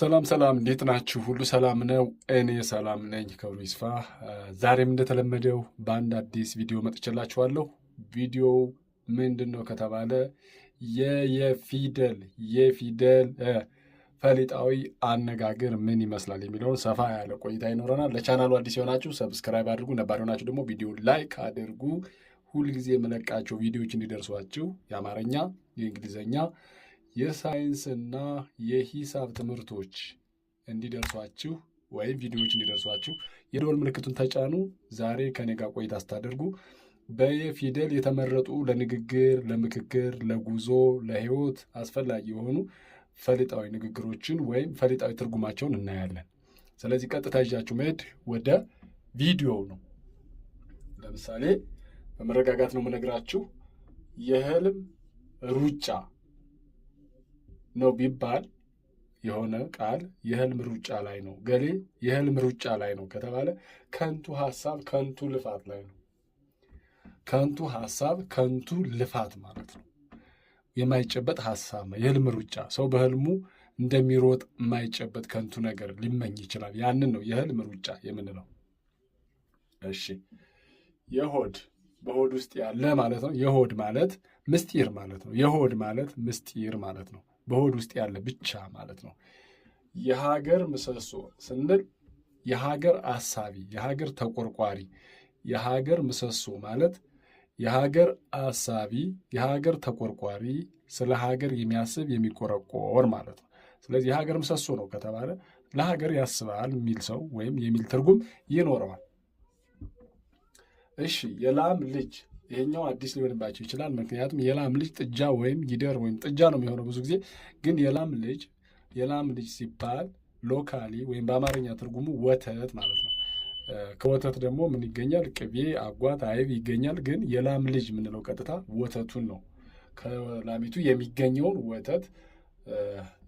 ሰላም ሰላም፣ እንዴት ናችሁ? ሁሉ ሰላም ነው? እኔ ሰላም ነኝ፣ ክብሩ ይስፋ። ዛሬም እንደተለመደው በአንድ አዲስ ቪዲዮ መጥቼላችኋለሁ። ቪዲዮው ምንድን ነው ከተባለ የየፊደል የፊደል ፈሊጣዊ አነጋገር ምን ይመስላል የሚለውን ሰፋ ያለ ቆይታ ይኖረናል። ለቻናሉ አዲስ የሆናችሁ ሰብስክራይብ አድርጉ፣ ነባር የሆናችሁ ደግሞ ቪዲዮ ላይክ አድርጉ። ሁልጊዜ የመለቃቸው ቪዲዮዎች እንዲደርሷችሁ የአማርኛ የእንግሊዝኛ የሳይንስና የሂሳብ ትምህርቶች እንዲደርሷችሁ ወይም ቪዲዮዎች እንዲደርሷችሁ የደወል ምልክቱን ተጫኑ። ዛሬ ከኔ ጋር ቆይታ ስታደርጉ በየፊደል የተመረጡ ለንግግር፣ ለምክክር፣ ለጉዞ፣ ለህይወት አስፈላጊ የሆኑ ፈሊጣዊ ንግግሮችን ወይም ፈሊጣዊ ትርጉማቸውን እናያለን። ስለዚህ ቀጥታ ይዣችሁ መሄድ ወደ ቪዲዮ ነው። ለምሳሌ በመረጋጋት ነው የምነግራችሁ የህልም ሩጫ ነው ቢባል የሆነ ቃል የህልም ሩጫ ላይ ነው ገሌ የህልም ሩጫ ላይ ነው ከተባለ ከንቱ ሀሳብ ከንቱ ልፋት ላይ ነው። ከንቱ ሀሳብ ከንቱ ልፋት ማለት ነው። የማይጨበጥ ሀሳብ ነው የህልም ሩጫ። ሰው በህልሙ እንደሚሮጥ የማይጨበጥ ከንቱ ነገር ሊመኝ ይችላል። ያንን ነው የህልም ሩጫ የምንለው። እሺ የሆድ በሆድ ውስጥ ያለ ማለት ነው። የሆድ ማለት ምስጢር ማለት ነው። የሆድ ማለት ምስጢር ማለት ነው። በሆድ ውስጥ ያለ ብቻ ማለት ነው። የሀገር ምሰሶ ስንል የሀገር አሳቢ፣ የሀገር ተቆርቋሪ፣ የሀገር ምሰሶ ማለት የሀገር አሳቢ፣ የሀገር ተቆርቋሪ፣ ስለ ሀገር የሚያስብ የሚቆረቆር ማለት ነው። ስለዚህ የሀገር ምሰሶ ነው ከተባለ ለሀገር ያስባል የሚል ሰው ወይም የሚል ትርጉም ይኖረዋል። እሺ የላም ልጅ ይሄኛው አዲስ ሊሆንባቸው ይችላል። ምክንያቱም የላም ልጅ ጥጃ ወይም ጊደር ወይም ጥጃ ነው የሚሆነው ብዙ ጊዜ። ግን የላም ልጅ የላም ልጅ ሲባል ሎካሊ ወይም በአማርኛ ትርጉሙ ወተት ማለት ነው። ከወተት ደግሞ ምን ይገኛል? ቅቤ፣ አጓት፣ አይብ ይገኛል። ግን የላም ልጅ የምንለው ቀጥታ ወተቱን ነው። ከላሚቱ የሚገኘውን ወተት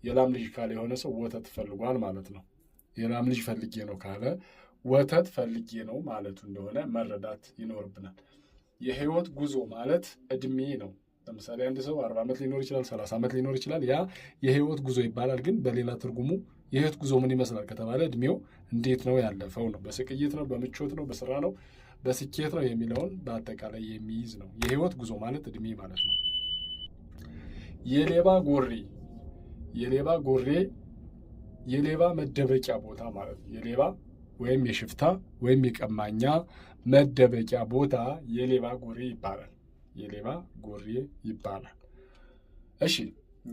የላም ልጅ ካለ የሆነ ሰው ወተት ፈልጓል ማለት ነው። የላም ልጅ ፈልጌ ነው ካለ ወተት ፈልጌ ነው ማለቱ እንደሆነ መረዳት ይኖርብናል። የህይወት ጉዞ ማለት እድሜ ነው። ለምሳሌ አንድ ሰው አርባ ዓመት ሊኖር ይችላል፣ ሰላሳ ዓመት ሊኖር ይችላል። ያ የህይወት ጉዞ ይባላል። ግን በሌላ ትርጉሙ የህይወት ጉዞ ምን ይመስላል ከተባለ እድሜው እንዴት ነው ያለፈው ነው፣ በስቅይት ነው፣ በምቾት ነው፣ በስራ ነው፣ በስኬት ነው የሚለውን በአጠቃላይ የሚይዝ ነው። የህይወት ጉዞ ማለት እድሜ ማለት ነው። የሌባ ጎሬ የሌባ ጎሬ የሌባ መደበቂያ ቦታ ማለት ነው የሌባ ወይም የሽፍታ ወይም የቀማኛ መደበቂያ ቦታ የሌባ ጉሬ ይባላል። የሌባ ጉሬ ይባላል። እሺ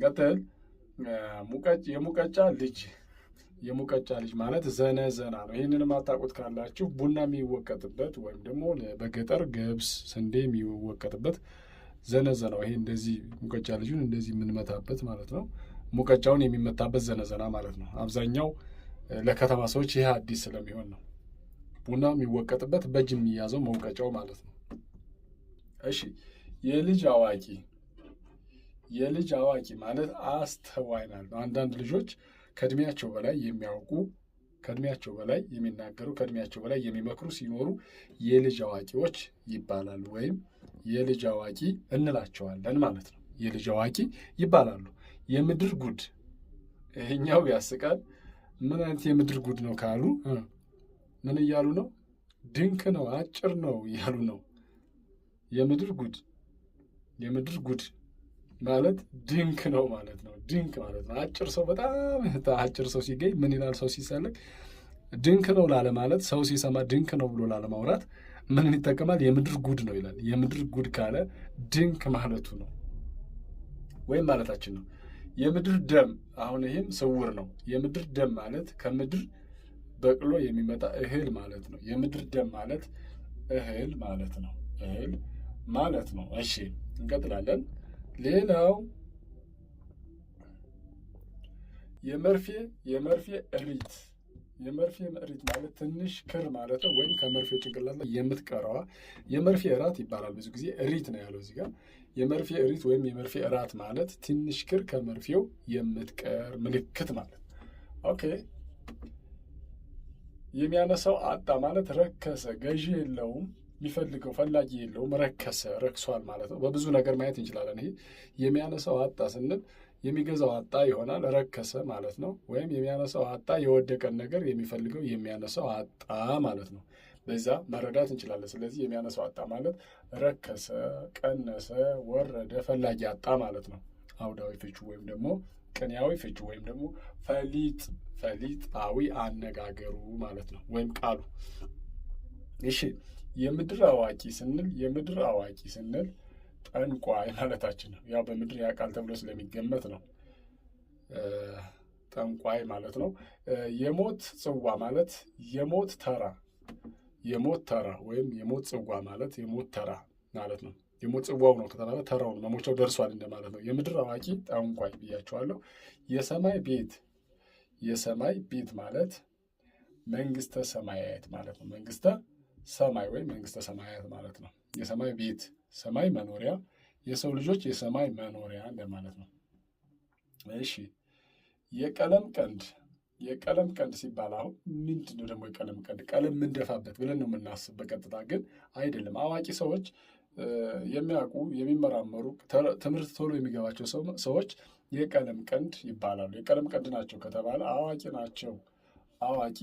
ቀጥል። የሙቀጫ ልጅ የሙቀጫ ልጅ ማለት ዘነ ዘና ነው። ይህንን ማታውቁት ካላችሁ ቡና የሚወቀጥበት ወይም ደግሞ በገጠር ገብስ፣ ስንዴ የሚወቀጥበት ዘነዘናው ይሄ እንደዚህ ሙቀጫ ልጁን እንደዚህ የምንመታበት ማለት ነው። ሙቀጫውን የሚመታበት ዘነዘና ማለት ነው። አብዛኛው ለከተማ ሰዎች ይህ አዲስ ስለሚሆን ነው። ቡና የሚወቀጥበት በእጅ የሚያዘው መውቀጫው ማለት ነው። እሺ የልጅ አዋቂ የልጅ አዋቂ ማለት አስተዋይ ነው። አንዳንድ ልጆች ከእድሜያቸው በላይ የሚያውቁ ከእድሜያቸው በላይ የሚናገሩ ከእድሜያቸው በላይ የሚመክሩ ሲኖሩ የልጅ አዋቂዎች ይባላሉ፣ ወይም የልጅ አዋቂ እንላቸዋለን ማለት ነው። የልጅ አዋቂ ይባላሉ። የምድር ጉድ ይሄኛው ያስቃል። ምን አይነት የምድር ጉድ ነው ካሉ ምን እያሉ ነው? ድንክ ነው፣ አጭር ነው እያሉ ነው። የምድር ጉድ የምድር ጉድ ማለት ድንክ ነው ማለት ነው። ድንክ ማለት ነው አጭር ሰው። በጣም አጭር ሰው ሲገኝ ምን ይላል? ሰው ሲሰልቅ ድንክ ነው ላለማለት፣ ሰው ሲሰማ ድንክ ነው ብሎ ላለማውራት ምን ይጠቀማል? የምድር ጉድ ነው ይላል። የምድር ጉድ ካለ ድንክ ማለቱ ነው ወይም ማለታችን ነው። የምድር ደም አሁን ይህም ስውር ነው። የምድር ደም ማለት ከምድር በቅሎ የሚመጣ እህል ማለት ነው። የምድር ደም ማለት እህል ማለት ነው። እህል ማለት ነው። እሺ እንቀጥላለን። ሌላው የመርፌ የመርፌ እሪት የመርፌ እሪት ማለት ትንሽ ክር ማለት ነው። ወይም ከመርፌ ጭንቅላት ላይ የምትቀረዋ የመርፌ እራት ይባላል። ብዙ ጊዜ እሪት ነው ያለው እዚጋ። የመርፌ እሪት ወይም የመርፌ እራት ማለት ትንሽ ክር ከመርፌው የምትቀር ምልክት ማለት ኦኬ የሚያነሳው አጣ ማለት ረከሰ፣ ገዢ የለውም፣ የሚፈልገው ፈላጊ የለውም፣ ረከሰ፣ ረክሷል ማለት ነው። በብዙ ነገር ማየት እንችላለን። ይሄ የሚያነሳው አጣ ስንል የሚገዛው አጣ ይሆናል፣ ረከሰ ማለት ነው። ወይም የሚያነሳው አጣ የወደቀን ነገር የሚፈልገው የሚያነሳው አጣ ማለት ነው። በዛ መረዳት እንችላለን። ስለዚህ የሚያነሳው አጣ ማለት ረከሰ፣ ቀነሰ፣ ወረደ፣ ፈላጊ አጣ ማለት ነው። አውዳዊ ፍቹ ወይም ደግሞ ቅኔያዊ ፍቺ ወይም ደግሞ ፈሊጥ ፈሊጣዊ አነጋገሩ ማለት ነው ወይም ቃሉ። እሺ የምድር አዋቂ ስንል የምድር አዋቂ ስንል ጠንቋይ ማለታችን ነው። ያው በምድር ያውቃል ተብሎ ስለሚገመት ነው ጠንቋይ ማለት ነው። የሞት ጽዋ ማለት የሞት ተራ የሞት ተራ ወይም የሞት ጽዋ ማለት የሞት ተራ ማለት ነው። የሞት ጽዋው ነው ከተባለ ተራው ነው፣ መሞቻው ደርሷል እንደማለት ነው። የምድር አዋቂ ጠንቋይ ብያቸዋለሁ። የሰማይ ቤት የሰማይ ቤት ማለት መንግስተ ሰማያት ማለት ነው። መንግስተ ሰማይ ወይም መንግስተ ሰማያት ማለት ነው። የሰማይ ቤት ሰማይ መኖሪያ፣ የሰው ልጆች የሰማይ መኖሪያ እንደማለት ነው። እሺ የቀለም ቀንድ የቀለም ቀንድ ሲባል አሁን ምንድን ነው ደግሞ የቀለም ቀንድ? ቀለም ምንደፋበት ብለን ነው የምናስብ በቀጥታ ግን አይደለም። አዋቂ ሰዎች የሚያውቁ የሚመራመሩ ትምህርት ቶሎ የሚገባቸው ሰዎች የቀለም ቀንድ ይባላሉ። የቀለም ቀንድ ናቸው ከተባለ አዋቂ ናቸው፣ አዋቂ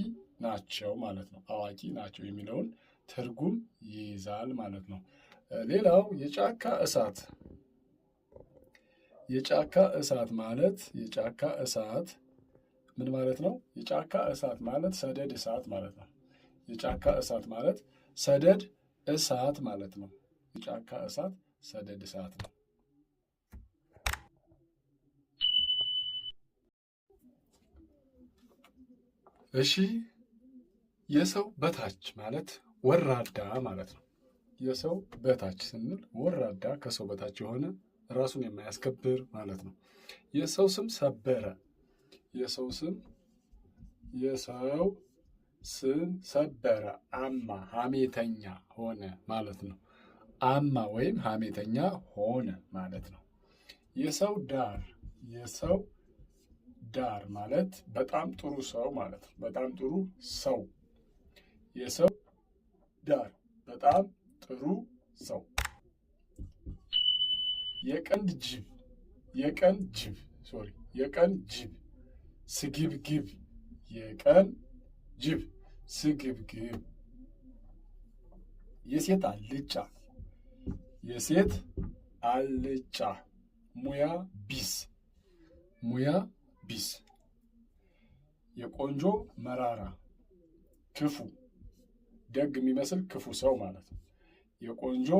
ናቸው ማለት ነው። አዋቂ ናቸው የሚለውን ትርጉም ይይዛል ማለት ነው። ሌላው የጫካ እሳት የጫካ እሳት ማለት የጫካ እሳት ምን ማለት ነው? የጫካ እሳት ማለት ሰደድ እሳት ማለት ነው። የጫካ እሳት ማለት ሰደድ እሳት ማለት ነው። የጫካ እሳት ሰደድ እሳት ነው። እሺ የሰው በታች ማለት ወራዳ ማለት ነው። የሰው በታች ስንል ወራዳ ከሰው በታች የሆነ ራሱን የማያስከብር ማለት ነው። የሰው ስም ሰበረ። የሰው ስም የሰው ስም ሰበረ፣ አማ ሀሜተኛ ሆነ ማለት ነው። አማ ወይም ሐሜተኛ ሆነ ማለት ነው። የሰው ዳር የሰው ዳር ማለት በጣም ጥሩ ሰው ማለት ነው። በጣም ጥሩ ሰው የሰው ዳር በጣም ጥሩ ሰው። የቀንድ ጅብ የቀንድ ጅብ ሶሪ የቀን ጅብ ስግብግብ የቀን ጅብ ስግብግብ የሴት አልጫ የሴት አልጫ ሙያ ቢስ ሙያ ቢስ የቆንጆ መራራ ክፉ ደግ የሚመስል ክፉ ሰው ማለት ነው። የቆንጆ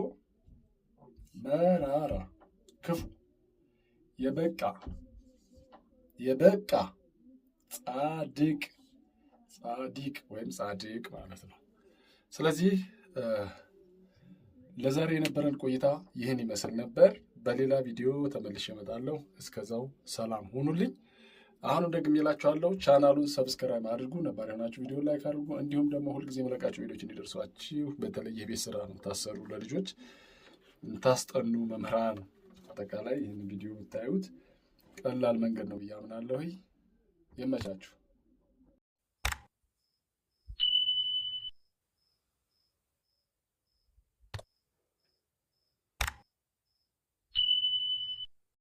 መራራ ክፉ የበቃ የበቃ ጻድቅ ጻዲቅ ወይም ጻድቅ ማለት ነው። ስለዚህ ለዛሬ የነበረን ቆይታ ይህን ይመስል ነበር። በሌላ ቪዲዮ ተመልሼ እመጣለሁ። እስከዛው ሰላም ሆኑልኝ አሁን ደግሜ እላችኋለሁ ቻናሉን ሰብስክራይብ አድርጉ፣ ነባር የሆናችሁ ቪዲዮ ላይክ አድርጉ። እንዲሁም ደግሞ ሁልጊዜ የምለቃቸው ቪዲዮች እንዲደርሷችሁ በተለይ የቤት ስራ የምታሰሩ ለልጆች የምታስጠኑ መምህራን አጠቃላይ ይህን ቪዲዮ የምታዩት ቀላል መንገድ ነው ብዬ አምናለሁ። ይመቻችሁ።